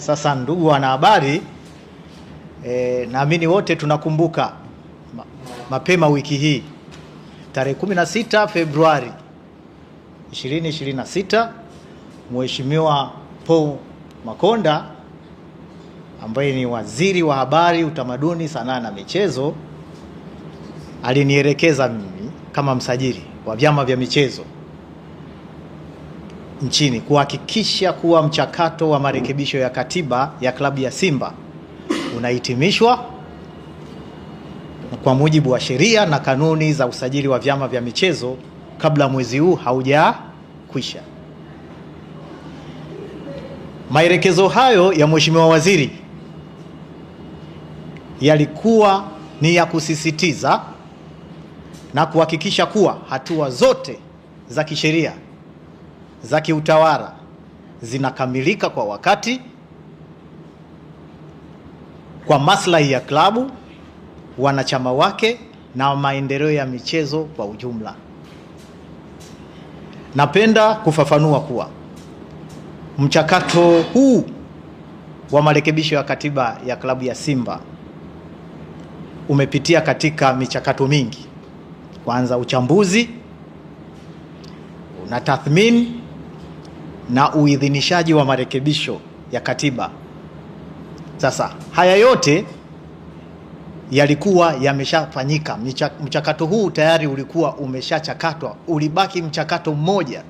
sasa ndugu wanahabari e, naamini wote tunakumbuka ma, mapema wiki hii tarehe 16 Februari 2026 Mheshimiwa Paul Makonda ambaye ni waziri wa habari, utamaduni, sanaa na michezo alinielekeza mimi kama msajili wa vyama vya michezo nchini kuhakikisha kuwa mchakato wa marekebisho ya katiba ya klabu ya Simba unahitimishwa kwa mujibu wa sheria na kanuni za usajili wa vyama vya michezo kabla mwezi huu haujakwisha. Maelekezo hayo ya Mheshimiwa Waziri yalikuwa ni ya kusisitiza na kuhakikisha kuwa hatua zote za kisheria za kiutawala zinakamilika kwa wakati kwa maslahi ya klabu, wanachama wake na maendeleo ya michezo kwa ujumla. Napenda kufafanua kuwa mchakato huu wa marekebisho ya katiba ya klabu ya Simba umepitia katika michakato mingi. Kwanza uchambuzi, una tathmini na uidhinishaji wa marekebisho ya katiba. Sasa haya yote yalikuwa yameshafanyika, mchakato huu tayari ulikuwa umeshachakatwa, ulibaki mchakato mmoja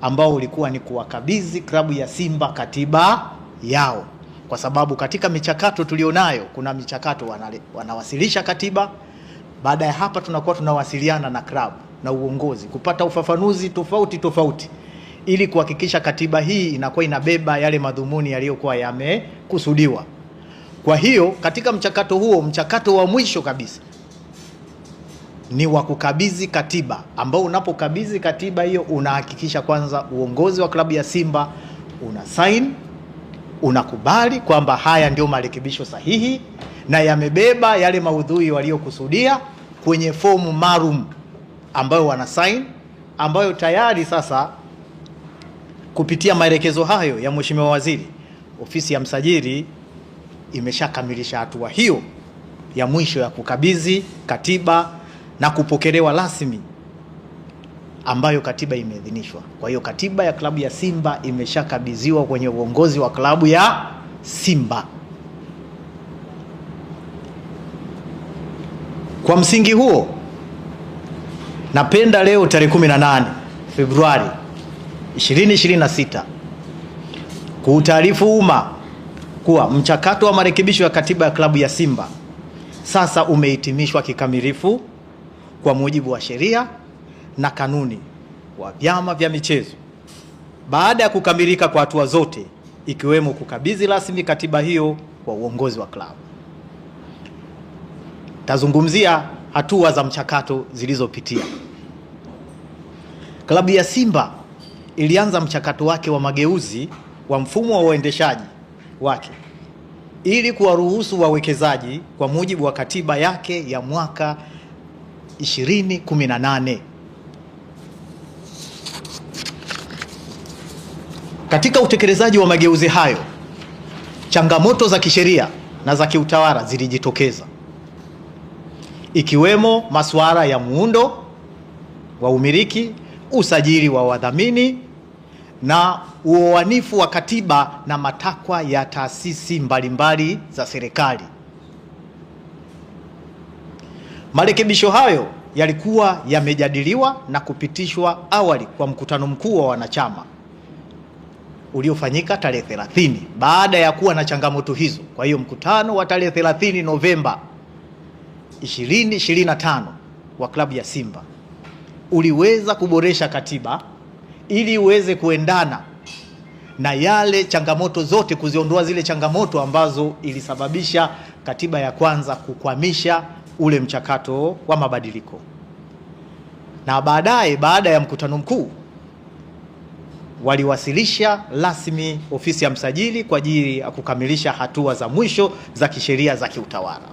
ambao ulikuwa ni kuwakabidhi klabu ya Simba katiba yao, kwa sababu katika michakato tulionayo kuna michakato wanale, wanawasilisha katiba. Baada ya hapa tunakuwa tunawasiliana na klabu na uongozi kupata ufafanuzi tofauti tofauti ili kuhakikisha katiba hii inakuwa inabeba yale madhumuni yaliyokuwa yamekusudiwa. Kwa hiyo katika mchakato huo, mchakato wa mwisho kabisa ni wa kukabidhi katiba, ambao unapokabidhi katiba hiyo unahakikisha kwanza uongozi wa klabu ya Simba una saini, unakubali kwamba haya ndio marekebisho sahihi na yamebeba yale maudhui waliokusudia kwenye fomu maalum ambayo wana sign, ambayo tayari sasa Kupitia maelekezo hayo ya Mheshimiwa Waziri, ofisi ya msajili imeshakamilisha hatua hiyo ya mwisho ya kukabidhi katiba na kupokelewa rasmi ambayo katiba imeidhinishwa. Kwa hiyo katiba ya klabu ya Simba imeshakabidhiwa kwenye uongozi wa klabu ya Simba. Kwa msingi huo, napenda leo tarehe 18 Februari 2026 kuutaarifu umma kuwa mchakato wa marekebisho ya katiba ya klabu ya Simba sasa umehitimishwa kikamilifu kwa mujibu wa sheria na kanuni wa vyama vya michezo baada ya kukamilika kwa hatua zote ikiwemo kukabidhi rasmi katiba hiyo kwa uongozi wa klabu. Tazungumzia hatua za mchakato zilizopitia klabu ya Simba ilianza mchakato wake wa mageuzi wa mfumo wa uendeshaji wake ili kuwaruhusu wawekezaji kwa mujibu wa katiba yake ya mwaka 2018. Katika utekelezaji wa mageuzi hayo, changamoto za kisheria na za kiutawala zilijitokeza ikiwemo masuala ya muundo wa umiliki, usajili wa wadhamini na uoanifu wa katiba na matakwa ya taasisi mbalimbali za serikali. Marekebisho hayo yalikuwa yamejadiliwa na kupitishwa awali kwa mkutano mkuu wa wanachama uliofanyika tarehe 30 baada ya kuwa na changamoto hizo. Kwa hiyo mkutano wa tarehe 30 Novemba 2025 wa klabu ya Simba uliweza kuboresha katiba ili uweze kuendana na yale changamoto zote, kuziondoa zile changamoto ambazo ilisababisha katiba ya kwanza kukwamisha ule mchakato wa mabadiliko. Na baadaye, baada ya mkutano mkuu, waliwasilisha rasmi ofisi ya msajili kwa ajili ya kukamilisha hatua za mwisho za kisheria za kiutawala.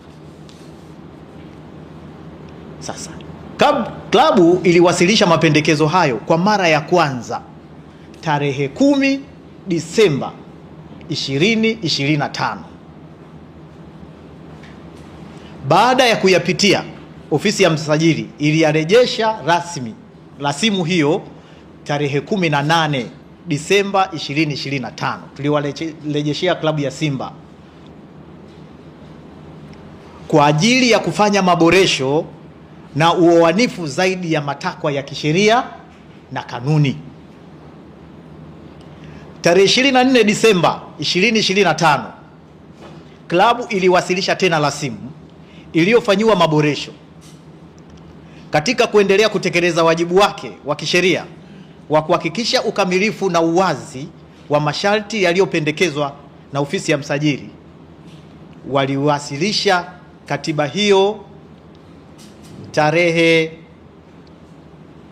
Sasa kabla Klabu iliwasilisha mapendekezo hayo kwa mara ya kwanza tarehe kumi Disemba 2025. Baada ya kuyapitia, ofisi ya msajili iliyarejesha rasmi rasimu hiyo tarehe 18 Disemba 2025. Tuliwarejeshea klabu ya Simba kwa ajili ya kufanya maboresho na uoanifu zaidi ya matakwa ya kisheria na kanuni. Tarehe 24 Disemba 2025 klabu iliwasilisha tena rasimu iliyofanyiwa maboresho katika kuendelea kutekeleza wajibu wake wa kisheria wa kuhakikisha ukamilifu na uwazi wa masharti yaliyopendekezwa na ofisi ya msajili. Waliwasilisha katiba hiyo tarehe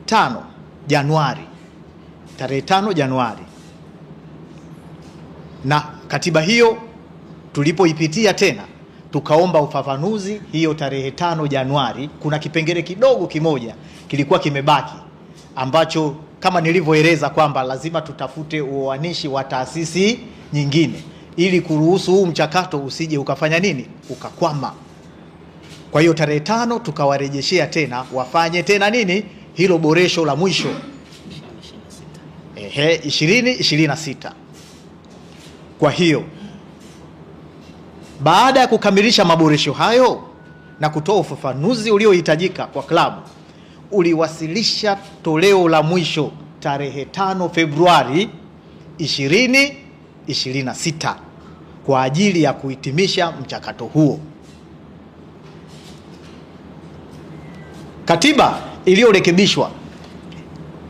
tano Januari, tarehe tano Januari, na katiba hiyo tulipoipitia tena tukaomba ufafanuzi. Hiyo tarehe tano Januari, kuna kipengele kidogo kimoja kilikuwa kimebaki ambacho kama nilivyoeleza kwamba lazima tutafute uoanishi wa taasisi nyingine ili kuruhusu huu mchakato usije ukafanya nini, ukakwama. Kwa hiyo tarehe tano tukawarejeshea tena wafanye tena nini hilo boresho la mwisho ehe, 20 26. Kwa hiyo baada ya kukamilisha maboresho hayo na kutoa ufafanuzi uliohitajika kwa klabu, uliwasilisha toleo la mwisho tarehe tano Februari 26 kwa ajili ya kuhitimisha mchakato huo. Katiba iliyorekebishwa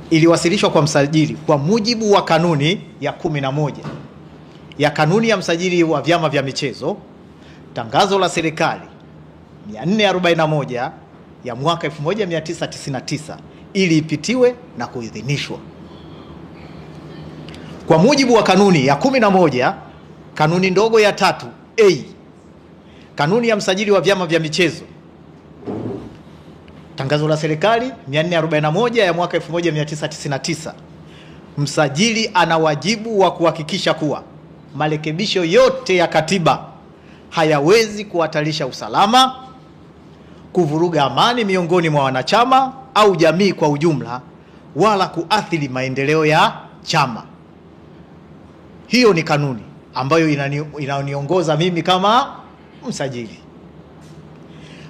iliwasilishwa kwa msajili kwa mujibu wa kanuni ya kumi na moja ya kanuni ya msajili wa vyama vya michezo, tangazo la serikali 441 ya mwaka 1999 ili ipitiwe na kuidhinishwa kwa mujibu wa kanuni ya 11 kanuni ndogo ya tatu a kanuni ya msajili wa vyama vya michezo Tangazo la serikali 441 ya mwaka 1999, msajili ana wajibu wa kuhakikisha kuwa marekebisho yote ya katiba hayawezi kuhatarisha usalama, kuvuruga amani miongoni mwa wanachama au jamii kwa ujumla, wala kuathiri maendeleo ya chama. Hiyo ni kanuni ambayo inaniongoza mimi kama msajili.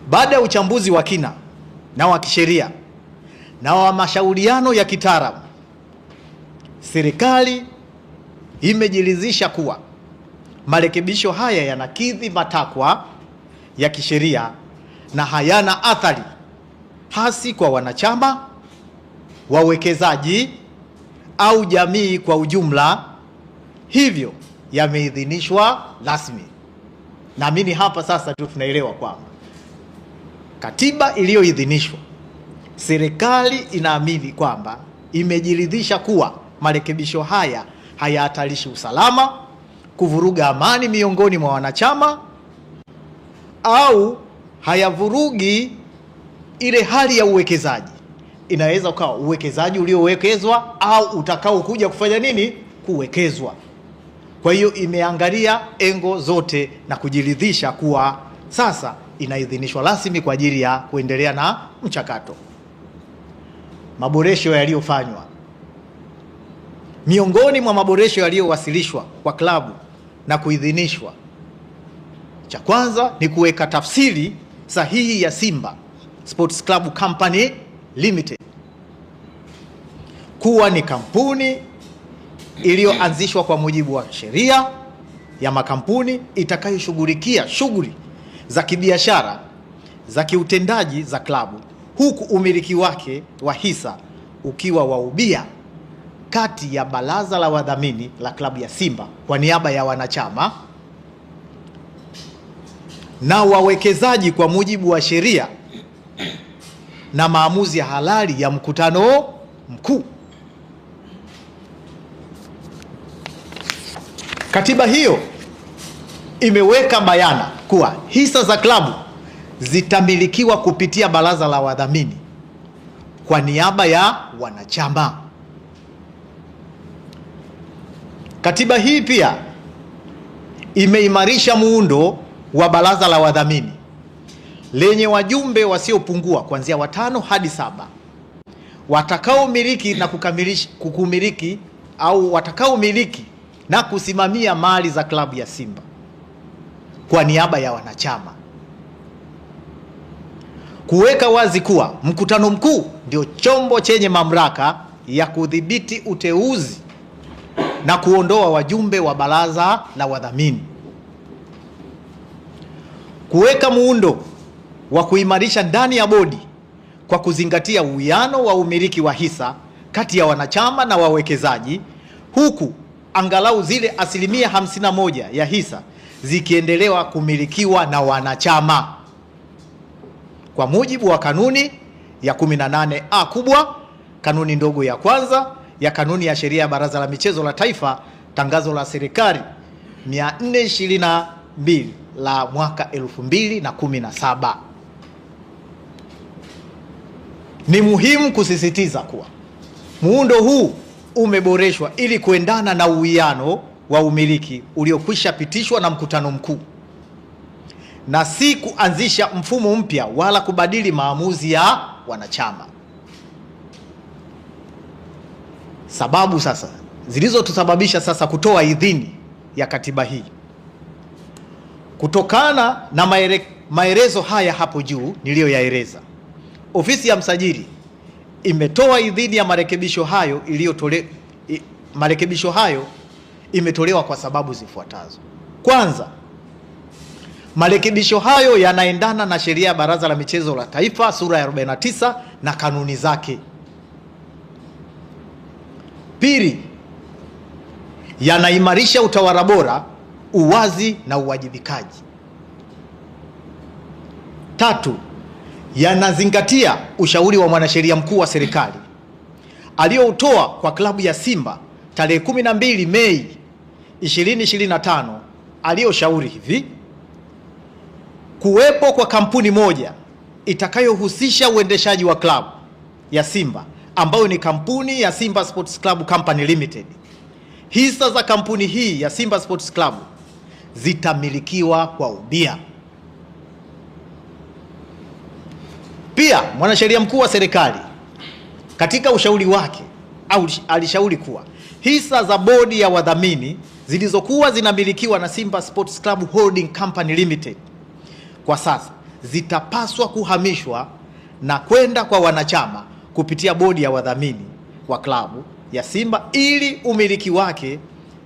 Baada ya uchambuzi wa kina na wa kisheria na wa mashauriano ya kitaalamu, serikali imejiridhisha kuwa marekebisho haya yanakidhi matakwa ya kisheria na hayana athari hasi kwa wanachama, wawekezaji au jamii kwa ujumla, hivyo yameidhinishwa rasmi. Naamini hapa sasa ndio tunaelewa kwamba Katiba iliyoidhinishwa, serikali inaamini kwamba imejiridhisha kuwa marekebisho haya hayahatarishi usalama, kuvuruga amani miongoni mwa wanachama au hayavurugi ile hali ya uwekezaji. Inaweza ukawa uwekezaji uliowekezwa au utakaokuja kufanya nini, kuwekezwa. Kwa hiyo imeangalia engo zote na kujiridhisha kuwa sasa inaidhinishwa rasmi kwa ajili ya kuendelea na mchakato. Maboresho yaliyofanywa, miongoni mwa maboresho yaliyowasilishwa kwa klabu na kuidhinishwa, cha kwanza ni kuweka tafsiri sahihi ya Simba Sports Club Company Limited kuwa ni kampuni iliyoanzishwa kwa mujibu wa sheria ya makampuni itakayoshughulikia shughuli za kibiashara za kiutendaji za klabu, huku umiliki wake wa hisa ukiwa wa ubia kati ya baraza la wadhamini la klabu ya Simba kwa niaba ya wanachama na wawekezaji kwa mujibu wa sheria na maamuzi ya halali ya mkutano mkuu. Katiba hiyo imeweka bayana kuwa hisa za klabu zitamilikiwa kupitia baraza la wadhamini kwa niaba ya wanachama. Katiba hii pia imeimarisha muundo wa baraza la wadhamini lenye wajumbe wasiopungua kuanzia watano hadi saba watakaomiliki na kukamilisha kukumiliki au watakaomiliki na kusimamia mali za klabu ya Simba kwa niaba ya wanachama kuweka wazi kuwa mkutano mkuu ndio chombo chenye mamlaka ya kudhibiti uteuzi na kuondoa wajumbe wa baraza la wadhamini, kuweka muundo wa kuimarisha ndani ya bodi kwa kuzingatia uwiano wa umiliki wa hisa kati ya wanachama na wawekezaji, huku angalau zile asilimia 51 ya hisa zikiendelewa kumilikiwa na wanachama kwa mujibu wa kanuni ya 18A kubwa, kanuni ndogo ya kwanza ya kanuni ya sheria ya Baraza la Michezo la Taifa, tangazo la serikali 422 la mwaka 2017. Ni muhimu kusisitiza kuwa muundo huu umeboreshwa ili kuendana na uwiano wa umiliki uliokwisha pitishwa na mkutano mkuu, na si kuanzisha mfumo mpya wala kubadili maamuzi ya wanachama. Sababu sasa zilizotusababisha sasa kutoa idhini ya katiba hii kutokana na maere, maelezo haya hapo juu niliyoyaeleza, ofisi ya msajili imetoa idhini ya marekebisho hayo iliyotolewa marekebisho hayo imetolewa kwa sababu zifuatazo. Kwanza, marekebisho hayo yanaendana na sheria ya Baraza la Michezo la Taifa sura ya 49 na kanuni zake. Pili, yanaimarisha utawala bora, uwazi na uwajibikaji. Tatu, yanazingatia ushauri wa mwanasheria mkuu wa serikali aliyoutoa kwa klabu ya Simba tarehe 12 Mei 2025 aliyoshauri hivi kuwepo kwa kampuni moja itakayohusisha uendeshaji wa klabu ya Simba ambayo ni kampuni ya Simba Sports Club Company Limited. Hisa za kampuni hii ya Simba Sports Club zitamilikiwa kwa ubia. Pia mwanasheria mkuu wa serikali katika ushauri wake au alishauri kuwa hisa za bodi ya wadhamini zilizokuwa zinamilikiwa na Simba Sports Club Holding Company Limited kwa sasa zitapaswa kuhamishwa na kwenda kwa wanachama kupitia bodi ya wadhamini wa klabu ya Simba ili umiliki wake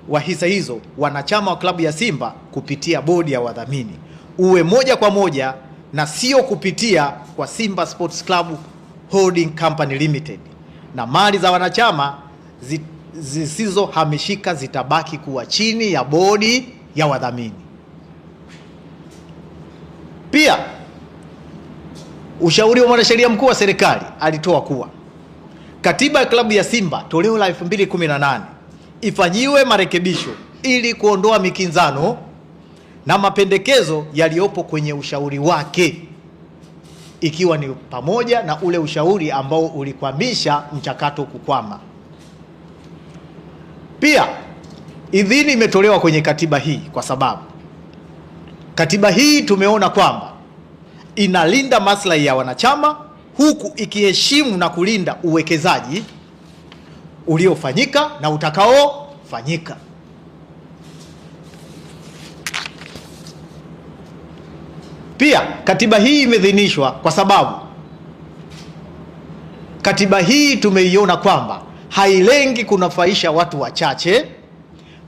wa hisa hizo wanachama wa klabu ya Simba kupitia bodi ya wadhamini uwe moja kwa moja na sio kupitia kwa Simba Sports Club Holding Company Limited, na mali za wanachama zi zisizohamishika zitabaki kuwa chini ya bodi ya wadhamini. Pia ushauri wa mwanasheria mkuu wa serikali alitoa kuwa katiba ya klabu ya Simba toleo la 2018 ifanyiwe marekebisho ili kuondoa mikinzano na mapendekezo yaliyopo kwenye ushauri wake ikiwa ni pamoja na ule ushauri ambao ulikwamisha mchakato kukwama. Pia idhini imetolewa kwenye katiba hii, kwa sababu katiba hii tumeona kwamba inalinda maslahi ya wanachama huku ikiheshimu na kulinda uwekezaji uliofanyika na utakaofanyika. Pia katiba hii imeidhinishwa kwa sababu katiba hii tumeiona kwamba hailengi kunufaisha watu wachache,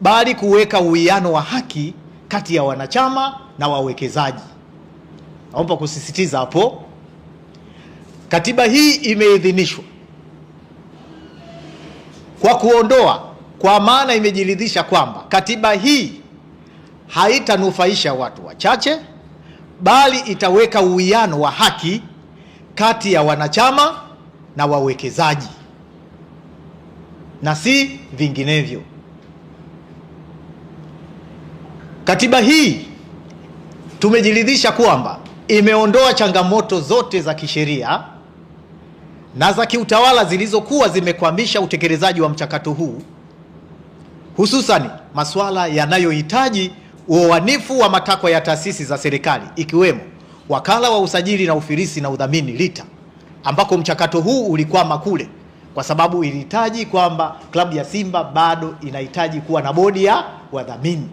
bali kuweka uwiano wa haki kati ya wanachama na wawekezaji. Naomba kusisitiza hapo. Katiba hii imeidhinishwa kwa kuondoa, kwa maana imejiridhisha kwamba katiba hii haitanufaisha watu wachache, bali itaweka uwiano wa haki kati ya wanachama na wawekezaji na si vinginevyo. Katiba hii tumejiridhisha kwamba imeondoa changamoto zote za kisheria na za kiutawala zilizokuwa zimekwamisha utekelezaji wa mchakato huu, hususan masuala yanayohitaji uoanifu wa matakwa ya taasisi za serikali ikiwemo wakala wa usajili na ufilisi na udhamini LITA, ambako mchakato huu ulikwama kule kwa sababu ilihitaji kwamba klabu ya Simba bado inahitaji kuwa na bodi ya wadhamini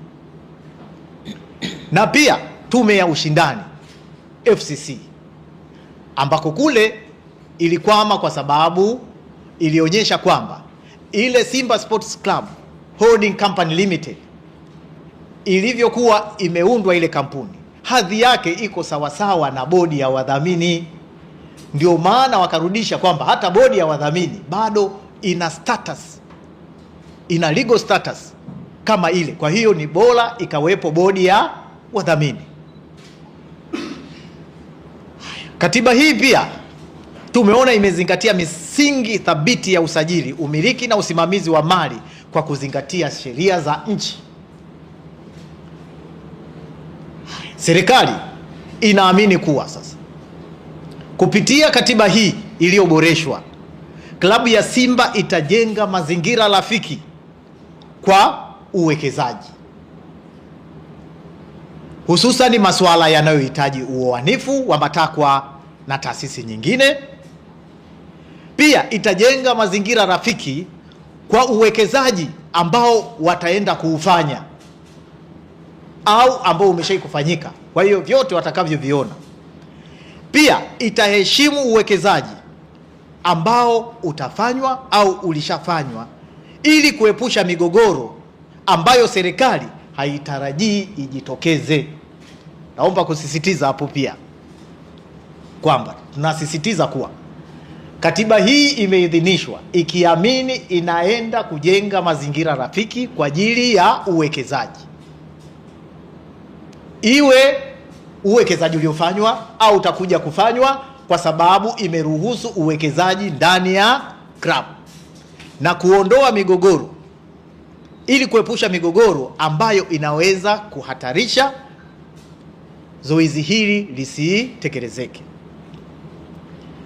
na pia tume ya ushindani FCC, ambako kule ilikwama kwa sababu ilionyesha kwamba ile Simba Sports Club Holding Company Limited ilivyokuwa imeundwa ile kampuni hadhi yake iko sawasawa na bodi ya wadhamini. Ndio maana wakarudisha kwamba hata bodi ya wadhamini bado ina status, ina legal status kama ile. Kwa hiyo ni bora ikawepo bodi ya wadhamini. Katiba hii pia tumeona imezingatia misingi thabiti ya usajili, umiliki na usimamizi wa mali kwa kuzingatia sheria za nchi. Serikali inaamini kuwa sasa Kupitia katiba hii iliyoboreshwa, klabu ya Simba itajenga mazingira rafiki kwa uwekezaji, hususan masuala yanayohitaji uoanifu wa matakwa na taasisi nyingine. Pia itajenga mazingira rafiki kwa uwekezaji ambao wataenda kuufanya au ambao umeshai kufanyika. Kwa hiyo vyote watakavyoviona pia itaheshimu uwekezaji ambao utafanywa au ulishafanywa ili kuepusha migogoro ambayo serikali haitarajii ijitokeze. Naomba kusisitiza hapo pia kwamba tunasisitiza kuwa katiba hii imeidhinishwa ikiamini inaenda kujenga mazingira rafiki kwa ajili ya uwekezaji iwe uwekezaji uliofanywa au utakuja kufanywa, kwa sababu imeruhusu uwekezaji ndani ya CRAB na kuondoa migogoro, ili kuepusha migogoro ambayo inaweza kuhatarisha zoezi hili lisitekelezeke.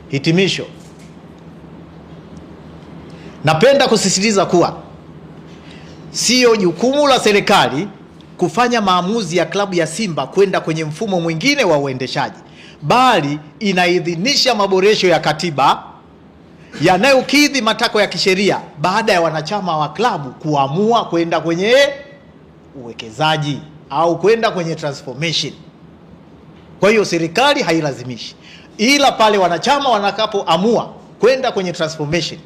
Hitimisho, napenda kusisitiza kuwa siyo jukumu la serikali kufanya maamuzi ya klabu ya Simba kwenda kwenye mfumo mwingine wa uendeshaji, bali inaidhinisha maboresho ya katiba yanayokidhi matakwa ya kisheria baada ya wanachama wa klabu kuamua kwenda kwenye uwekezaji au kwenda kwenye transformation. Kwa hiyo serikali hailazimishi, ila pale wanachama wanakapoamua kwenda kwenye transformation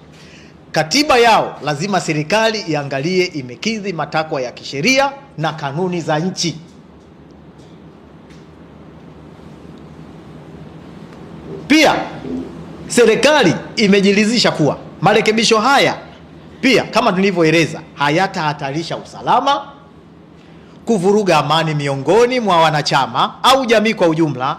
Katiba yao lazima serikali iangalie imekidhi matakwa ya kisheria na kanuni za nchi. Pia serikali imejiridhisha kuwa marekebisho haya pia kama tulivyoeleza hayatahatarisha usalama, kuvuruga amani miongoni mwa wanachama au jamii kwa ujumla,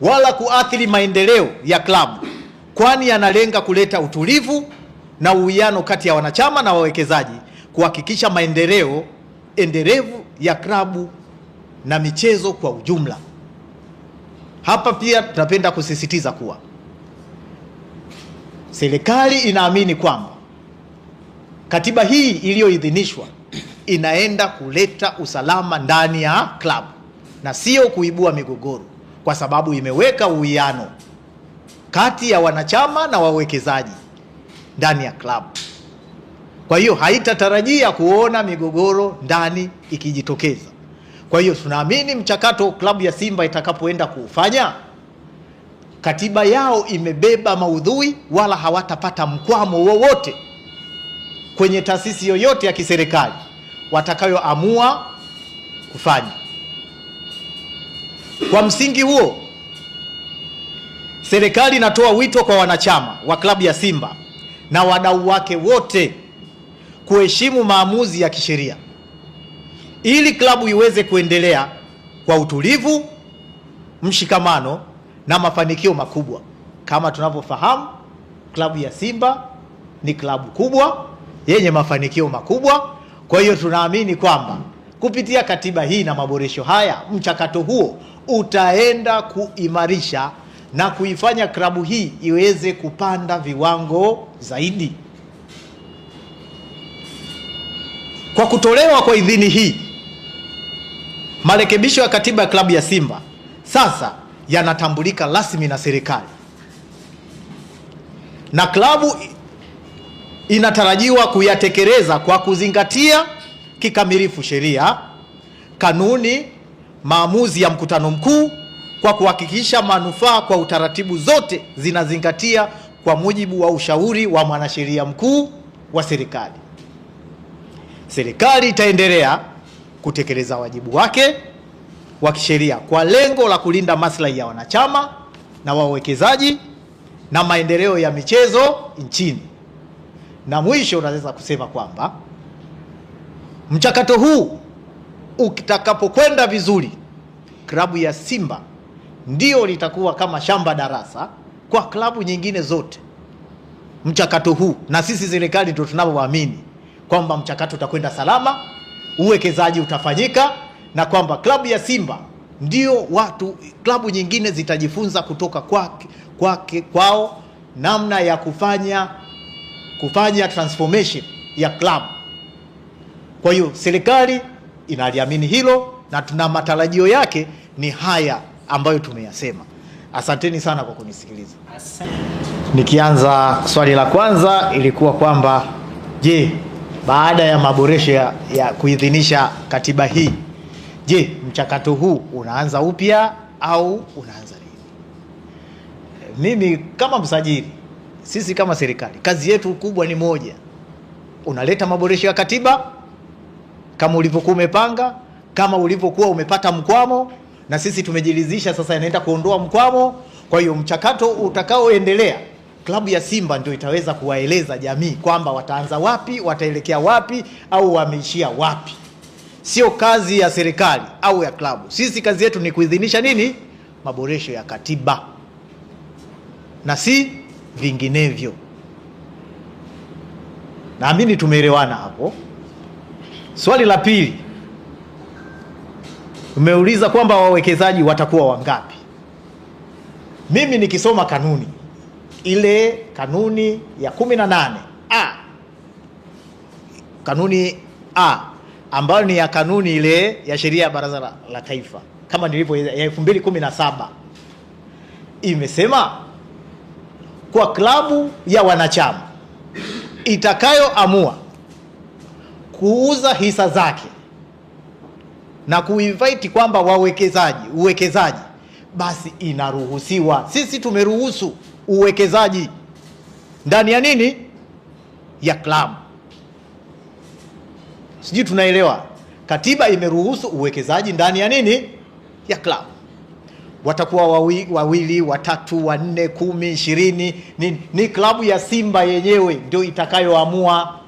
wala kuathiri maendeleo ya klabu, kwani yanalenga kuleta utulivu na uwiano kati ya wanachama na wawekezaji kuhakikisha maendeleo endelevu ya klabu na michezo kwa ujumla. Hapa pia tunapenda kusisitiza kuwa serikali inaamini kwamba katiba hii iliyoidhinishwa inaenda kuleta usalama ndani ya klabu na sio kuibua migogoro, kwa sababu imeweka uwiano kati ya wanachama na wawekezaji ndani ya klabu. Kwa hiyo haitatarajia kuona migogoro ndani ikijitokeza. Kwa hiyo tunaamini mchakato klabu ya Simba itakapoenda kuufanya, katiba yao imebeba maudhui, wala hawatapata mkwamo wowote kwenye taasisi yoyote ya kiserikali watakayoamua kufanya. Kwa msingi huo, serikali inatoa wito kwa wanachama wa klabu ya Simba na wadau wake wote kuheshimu maamuzi ya kisheria ili klabu iweze kuendelea kwa utulivu, mshikamano na mafanikio makubwa. Kama tunavyofahamu, klabu ya Simba ni klabu kubwa yenye mafanikio makubwa. Kwa hiyo tunaamini kwamba kupitia katiba hii na maboresho haya, mchakato huo utaenda kuimarisha na kuifanya klabu hii iweze kupanda viwango zaidi. Kwa kutolewa kwa idhini hii, marekebisho ya katiba ya klabu ya Simba sasa yanatambulika rasmi na serikali, na klabu inatarajiwa kuyatekeleza kwa kuzingatia kikamilifu sheria, kanuni, maamuzi ya mkutano mkuu kwa kuhakikisha manufaa kwa utaratibu zote zinazingatia kwa mujibu wa ushauri wa mwanasheria mkuu wa serikali. Serikali itaendelea kutekeleza wajibu wake wa kisheria kwa lengo la kulinda maslahi ya wanachama na wawekezaji na maendeleo ya michezo nchini. Na mwisho, unaweza kusema kwamba mchakato huu utakapokwenda vizuri, klabu ya Simba ndio litakuwa kama shamba darasa kwa klabu nyingine zote, mchakato huu. Na sisi serikali ndio tunaoamini kwamba mchakato utakwenda salama, uwekezaji utafanyika, na kwamba klabu ya Simba ndio watu, klabu nyingine zitajifunza kutoka kwake, kwa, kwao namna ya kufanya kufanya transformation ya klabu. Kwa hiyo serikali inaliamini hilo na tuna matarajio yake ni haya ambayo tumeyasema. Asanteni sana kwa kunisikiliza. Asante. Nikianza swali la kwanza ilikuwa kwamba je, baada ya maboresho ya, ya kuidhinisha katiba hii, je, mchakato huu unaanza upya au unaanza lini? Mimi kama msajili, sisi kama serikali, kazi yetu kubwa ni moja, unaleta maboresho ya katiba kama ulivyokuwa umepanga, kama ulivyokuwa umepata mkwamo na sisi tumejiridhisha sasa, inaenda kuondoa mkwamo. Kwa hiyo mchakato utakaoendelea klabu ya Simba ndio itaweza kuwaeleza jamii kwamba wataanza wapi, wataelekea wapi au wameishia wapi. Sio kazi ya serikali au ya klabu. Sisi kazi yetu ni kuidhinisha nini, maboresho ya katiba na si vinginevyo. Naamini tumeelewana hapo. Swali la pili Umeuliza kwamba wawekezaji watakuwa wangapi? Mimi nikisoma kanuni ile, kanuni ya 18 a, kanuni a ambayo ni ya kanuni ile ya sheria ya Baraza la, la Taifa kama nilivyo ya 2017 imesema kwa klabu ya wanachama itakayoamua kuuza hisa zake na kuinvite kwamba wawekezaji uwekezaji, basi inaruhusiwa. Sisi tumeruhusu uwekezaji ndani ya nini, ya klabu. Sijui tunaelewa. Katiba imeruhusu uwekezaji ndani ya nini, ya klabu. Watakuwa wawili, wawili, watatu, wanne, kumi, ishirini. Ni, ni klabu ya Simba yenyewe ndio itakayoamua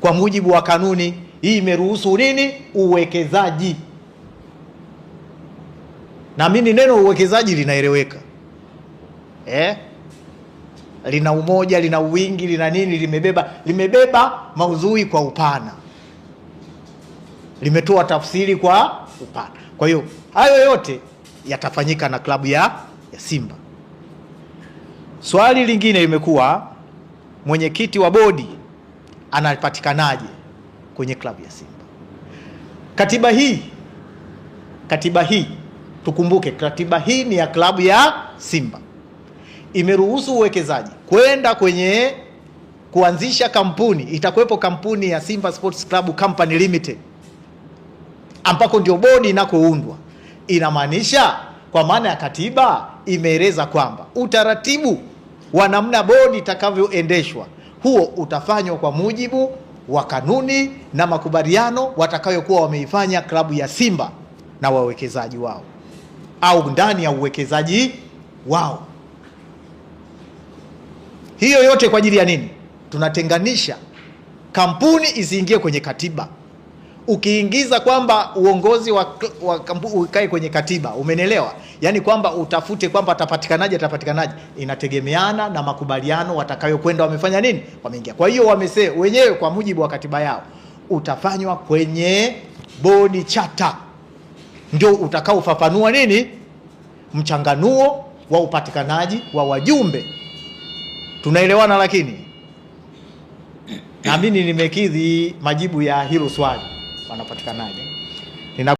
kwa mujibu wa kanuni. Hii imeruhusu nini? Uwekezaji. Naamini neno uwekezaji linaeleweka eh? Lina umoja, lina uwingi, lina nini, limebeba limebeba maudhui kwa upana, limetoa tafsiri kwa upana. Kwa hiyo hayo yote yatafanyika na klabu ya, ya Simba. Swali lingine limekuwa mwenyekiti wa bodi anapatikanaje? kwenye klabu ya Simba. Katiba hii katiba hii tukumbuke, katiba hii ni ya klabu ya Simba, imeruhusu uwekezaji kwenda kwenye kuanzisha kampuni. Itakuwepo kampuni ya Simba Sports Club Company Limited ambako ndio bodi inakoundwa. Inamaanisha kwa maana ya katiba imeeleza kwamba utaratibu wa namna bodi itakavyoendeshwa huo utafanywa kwa mujibu wa kanuni na makubaliano watakayokuwa wameifanya klabu ya Simba na wawekezaji wao au ndani ya uwekezaji wao. Hiyo yote kwa ajili ya nini? Tunatenganisha kampuni isiingie kwenye katiba ukiingiza kwamba uongozi wa, wa ukae kwenye katiba, umenelewa? Yaani kwamba utafute kwamba atapatikanaje, atapatikanaje, inategemeana na makubaliano watakayokwenda wamefanya nini, wameingia. Kwa hiyo wamese wenyewe kwa mujibu wa katiba yao utafanywa kwenye bodi chata, ndio utakaofafanua nini mchanganuo wa upatikanaji wa wajumbe. Tunaelewana? Lakini naamini nimekidhi majibu ya hilo swali. wanapatikanajea